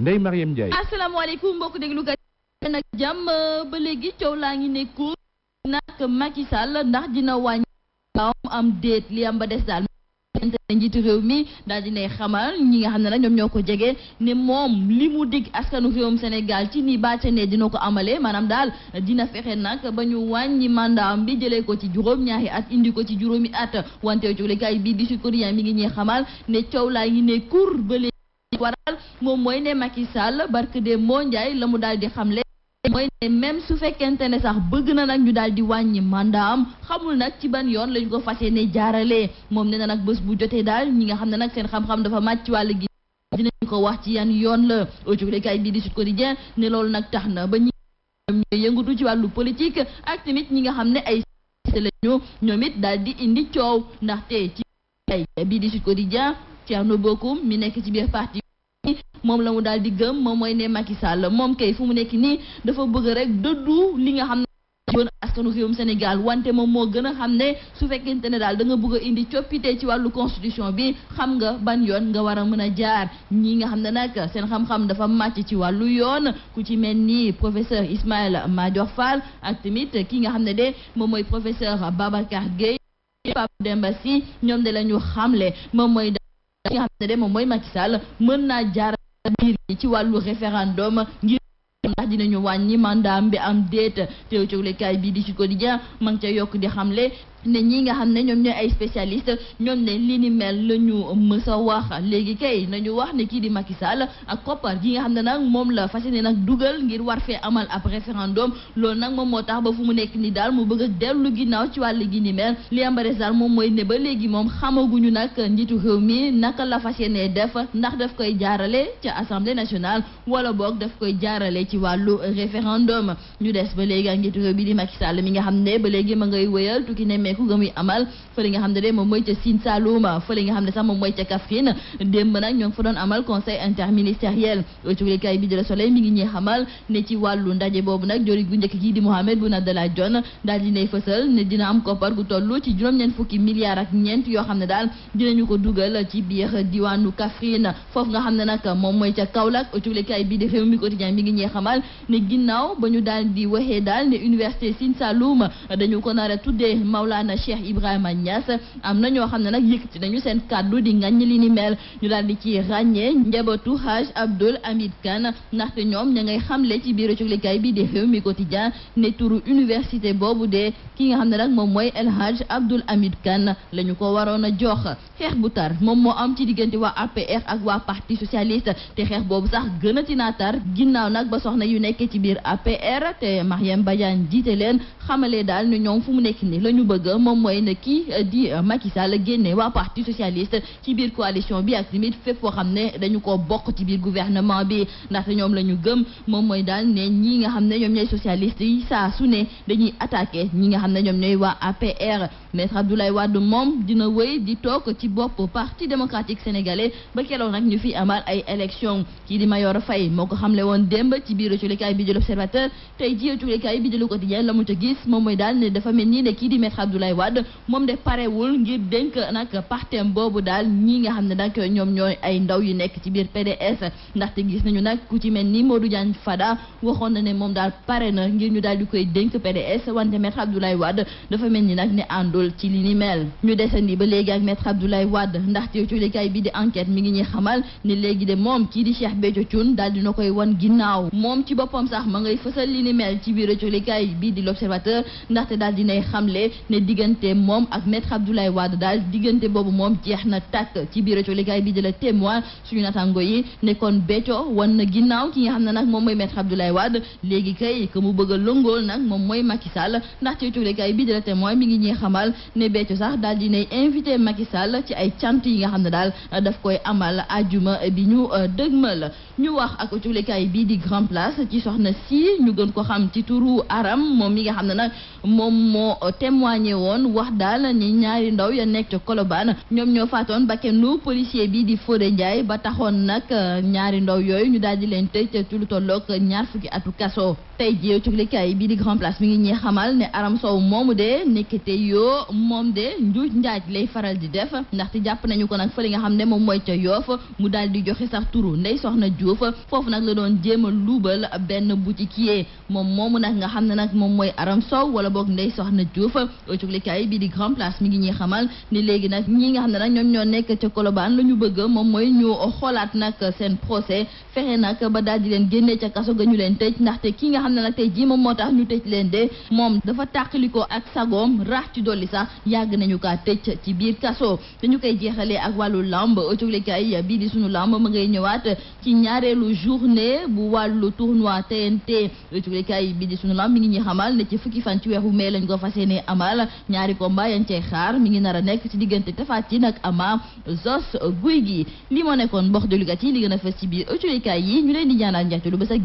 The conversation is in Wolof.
Ndeye Mariam Ndiaye. asalaamaaleykum mbokk déglu kat nag jàmm ba léegi coow laa ngi nekku nag Macky Sall ndax dina wàññi am déet li am ba des daal. njiitu réew mi daal dinay xamal ñi nga xam ne nag ñoom ñoo ko jege ne moom li mu dig askanu réewum Sénégal ci ni bàcce ne dina ko amalee maanaam daal dina fexe nag ba ñu wàññi mandaam bi jëlee ko ci juróom-ñaari at indi ko ci juróomi at wante coglekaay bii di mi ngi ñuy xamal ne coow laa ngi ne kur waral moom mooy ne Macky Sall barke de moo njaay la mu daal di xamle mooy ne même su fekkente ne sax bëgg na nag ñu daal di wàññi xamul nag ci ban yoon lañ ko fas yéene jaaralee moom nee nak nag bu jotee daal ñi nga xam ne nag seen xam-xam dafa màcc ci wàll gi dinañ ko wax ci yan yoon la aujoglekaay bii di Sud Quotidien ne loolu nag tax na ba ñi ñooy ci wàllu politique ak tamit ñi nga ne ay lañu ñoom it daal di indi coow ci ay di Sud Quotidien mi nekk ci parti moom la mu daal di gëm moom mooy ne Macky Sall moom kay fu mu nekk nii dafa bëgg rek dëddu li nga xam ne yoon askanu réewum Sénégal wante moom moo gën a xam ne su fekkente ne daal da nga bëgg a indi coppite ci wàllu constitution bi xam nga ban yoon nga war a mën a jaar ñi nga xam ne nag seen xam-xam dafa màcc ci wàllu yoon ku ci mel ni professeur Ismaïla Madior Fall ak tamit ki nga xam ne de moom mooy professeur Babacar Gueye Pape Demba Sy ñoom de la ñu xamle moom mooy ki nga xam ne de miir yi ci wàllu référendum ngir ndax ñu wàññi mandaam bi am déet teew coglekaay bii di ci quotidien ma ngi ca yokk di xamle ne ñi nga xam ne ñoom ñooy ay spécialiste ñoom ne li ni mel la ñu mës a wax léegi kay nañu wax ne kii di Macky Sall ak koppar gi nga xam ne nag moom la fas yéene nag dugal ngir war fee amal ab référendum loolu nag moom moo tax ba fu mu nekk ni daal mu bëgg dellu ginnaaw ci wàll gi ni mel li ambare daal moom mooy ne ba léegi moom xamaguñu nag njiitu réew mi naka la fas yéene def ndax daf koy jaarale ca assemblée nationale wàllu référendum ñu des ba léegi a njiitu réew bi di Macky Sall mi nga xam ne ba léegi ma ngay wéyal tukki nemmeeku nga muy amal fële nga xam ne de moom mooy ca Sine Saloum fële nga xam bi di Le Soleil mi foofu nga xam ne nag moom mooy ca Kaolack cuglikaay bi di Rewmi Quotidien mi ngi ñuy xamal normal ne ginnaw bañu dal di wéxé dal né université Sin Saloum dañu ko nar tuddé Maulana Cheikh Ibrahima Niass am na ñoo xam ne nag yëkkati nañu di ngagn li ni mel ñu dal di ci ragné njabootu Haj Abdul Hamid Kan nak té ñom ñay xamlé ci biir cuglikaay bi di xew mi quotidien né touru université bobu dé ki nga xamné nak mom moy El Haj Abdul Hamid Kan lañu ko warona jox xeex bu tar moom am ci digënté wa APR ak wa parti socialiste té xex bobu sax gëna ci natar ginnaw nak ba soxna soxna yu nekk ci biir APR te Mariam Badiane jiite leen xamalé dal ne ñoom fu mu nekk ni lañu bëgg mom moy ne ki euh, di euh, Macky Sall génne wa parti socialiste ci biir coalition bi ak limite fépp fo xamné dañu ko bokk ci biir gouvernement bi ndax ñoom lañu gëm mom moy dal né ñi nga xamné ne ñoom ñooy socialiste yi sa su ne dañuy attaquer ñi nga xamné ne ñoom ñooy waa APR maître Abdoulaye Wade mom dina wëy di tok ci bop parti démocratique sénégalais ba keroog nak ñu fi amal ay élection kii di Mayor Faye moko xamlé won demb ci biir la cuulekaay bi di l'observateur tey jii cuulekaay bi di le quotidien la mu gis mom moy dal ne dafa mel nii ne ki di maître Abdoulaye wad mom de paré wul ngir denk nak partem bobu dal ñi nga xamne ne ñom ñoy ay ndaw yu nekk ci biir PDS ndax te gis nañu nak ku ci mel ni Modou Diagne Fada waxon na ne mom dal paré na ngir ñu dal di koy dénk PDS wante maître Abdoulaye wad dafa melni nak ne andul ci li ni mel ñu desandi ba légui ak maître Abdoulaye wad ndax Wade ndaxte cuulekaay bi di enquête mi ngi ñi xamal ni légui de mom ki di Cheikh Béthio Thioune dal dina koy wan ginnaw mom moom ci bopom sax ma ngay fessel li ni mel ci biir récolikaay bi di l'observateur ndaxte daal dinay xamle ne diggante mom ak maître Abdoulaye Wade daal diggante bobu mom jeexna tak ci biir récolikaay bi di la témoin suñu natango yi ne kon Béthio won na ginnaw ki nga xam nak mom moy maître Abdoulaye Wade légui kay ke mu bëgg a lëngool nag moom mooy Macky Sall ci récolikaay bi di la témoin mi ngi ñi xamal ne Béthio sax daal dinay invité Macky Sall ci ay tiant yi nga xam ne daal daf koy amal aljuma bi ñu euh, dëgmal ñu wax ak récolikaay bi di grand place Dias ci soxna si ñu gën ko xam ci turu aram moom mi nga xam ne nag moom moo témoigné woon wax daal ni ñaari ndaw ya nekk ca Colobane ñoom ñoo faatoon bakkenu policier bi di Fodé Ndiaye ba taxoon nag euh, ñaari ndaw yooyu ñu daal di leen tëj ci lu tolloog ñaar fukki atu kaso tey jii cuglikaay bii di grand place mi ngi ñuy xamal ne aram sow moomu de nekkite yoo moom de njuuj njaaj lay faral di def ndax ndaxte jàpp nañu ko nag fa li nga xam ne moom mooy ca yoof mu daal di joxe sax ubbil benn boutiquier moom moomu nag nga xam ne nag moom mooy Aram Sow wala boog Ndey Soxna Diouf cuglikaay bi di Grand Place mi ngi ñuy xamal ni léegi nag ñi nga xam ne nag ñoom ñoo nekk ca Colobane la ñu bëgg moom mooy ñu xoolaat nag seen procès fexe nag ba daal di leen génnee ca kaso ga ñu leen tëj te kii nga xam ne nag tey jii moom moo tax ñu tëj leen de moom dafa tàqalikoo ak sagoom raax ci dolli sax yàgg nañu kaa tëj ci biir kaso ñu koy jeexalee ak wàllu lamb cuglikaay bii di sunu lamb woon waa TNT cuglikaay bi di sunu lam mi ngi ñuy xamal ne ci fukki fan ci weeru mai lañ ko fas yéene amal ñaari combat yañ cey xaar mi ngi nar a nekk ci diggante Tapha Tine ak Ama Zoss Gouye Gui li moo nekkoon mbox de lugat yi li gën a fës ci biir cuglikaay yi ñu leen di ñaanal njeexte lu bés ak